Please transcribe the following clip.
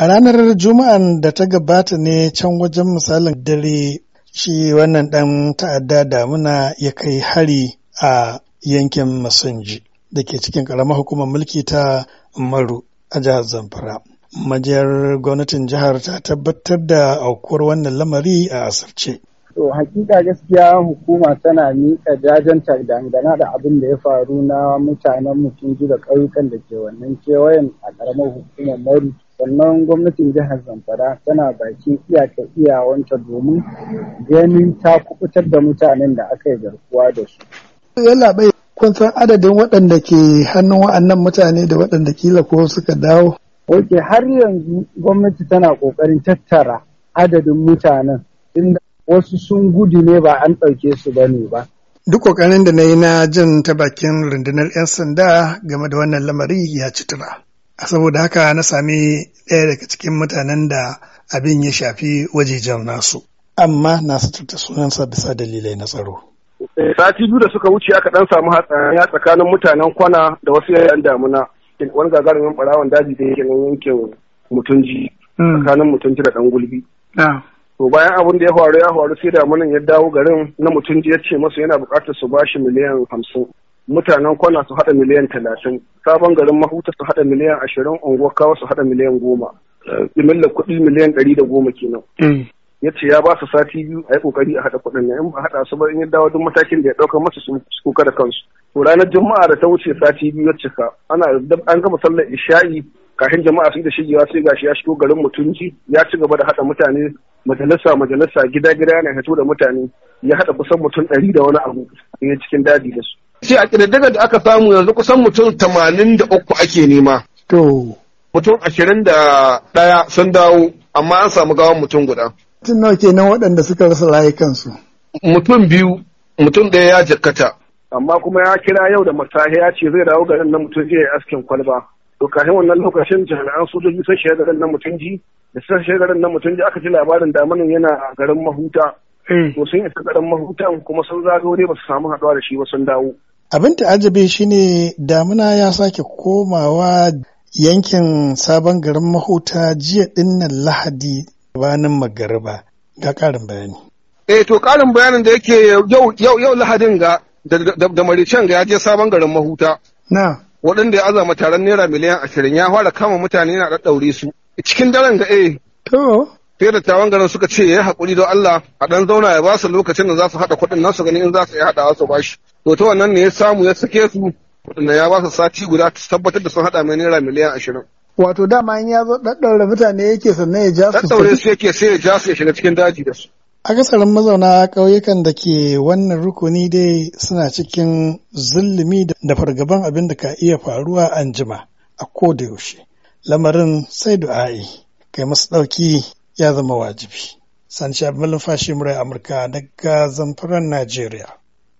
A ranar Juma'an da ta gabata ne can wajen misalin dare shi wannan ɗan ta'adda damuna ya kai hari a yankin masanji da ke cikin ƙaramar hukumar mulki ta Maru a jihar Zamfara. Majiyar gwamnatin jihar ta tabbatar da aukuwar wannan lamari a asirce. To hakika gaskiya hukuma tana miƙa jajanta dangana da abin da ya faru na mutanen mutum da ƙauyukan da ke wannan kewayen a ƙaramar hukumar Maru. sannan gwamnatin jihar zamfara tana bakin iyaka iyawanta domin ganin ta kubutar da mutanen da aka yi garkuwa da su. yalla bai kun san adadin waɗanda ke hannun wa'annan mutane da waɗanda kila ko suka dawo. ok har yanzu gwamnati tana ƙoƙarin tattara adadin mutanen inda wasu sun gudu ne ba an ɗauke su ba ne ba. Duk ƙoƙarin da na yi na jin ta bakin rundunar 'yan sanda game da wannan lamari ya ci tura. saboda haka na sami ɗaya daga cikin mutanen da abin ya shafi wajejen nasu amma na sunan sunansa bisa dalilai na tsaro eh, sati biyu da suka wuce aka dan samu hatsaniya tsakanin mutanen kwana da wasu yayan damuna wani gagarumin barawon daji da yake nan yankin mutunji hmm. tsakanin mutunji da dan gulbi to bayan abin da ya faru ya faru sai damunan ya dawo garin na mutunji ya ce masu yana bukatar su bashi miliyan hamsin mutanen kwana su haɗa miliyan talatin sabon garin mahuta su haɗa miliyan ashirin unguwar kawo su haɗa miliyan goma imillar kuɗi miliyan ɗari da goma kenan mm. ya ce ya ba su sati biyu a yi kokari a haɗa kuɗin in ba haɗa su ba in ya dawo duk matakin da ya ɗauka masa su kuka da kansu to ranar juma'a da ta wuce sati biyu ya cika ana an gama sallar isha'i kafin jama'a su da shigewa sai gashi ya shigo garin mutunci ya ci gaba da hada mutane majalisa majalisa gida gida yana fito da mutane ya haɗa kusan mutum ɗari da wani abu cikin daji da su sai a ƙididdigar da aka samu yanzu kusan mutum tamanin da uku ake nema. To. Mutum ashirin da ɗaya sun dawo amma an samu gawan mutum guda. Mutum nawa kenan waɗanda suka rasa layukansu. Mutum biyu mutum ɗaya ya jakkata. Amma kuma ya kira yau da masahi ya ce zai dawo garin na mutum jiya askin kwalba. To wannan lokacin jami'an sojoji sun shiga garin na mutum ji da sun shiga garin na mutum ji aka ji labarin damanin yana a garin mahuta. Eh. To sun isa garin mahutan kuma sun zagayo ne ba su samu haɗuwa da shi ba sun dawo. Abin ta'ajabi shine damuna ya sake komawa yankin sabon garin mahuta jiya dinnan lahadi banin magariba ga ƙarin bayani. Eh to karin bayanin da yake yau lahadin ga da maricen ga ya je sabon garin mahuta. Na. Waɗanda ya azama taron naira miliyan ashirin ya fara kama mutane na ɗaɗɗaure su. Cikin daren ga eh. To. sai da tawon garin suka ce ya haƙuri, don Allah a ɗan zauna ya ba su lokacin da za su haɗa kuɗin nasu gani in za su yi haɗawa su bashi to ta wannan ne ya samu ya sake su kuɗin ya ba su sati guda tabbatar da sun haɗa mai naira miliyan ashirin wato dama in ya zo daddaure mutane yake sannan ya ja su daddaure su yake sai ya ja su ya shiga cikin daji da su akasarin mazauna ƙauyukan da ke wannan rukuni dai suna cikin zulumi da fargaban abin da ka iya faruwa anjima a ko da yaushe lamarin sai du'a'i kai masu ɗauki ya zama wajibi. Sanci Abdullahi Fashi Murai Amurka daga Zamfaran Najeriya.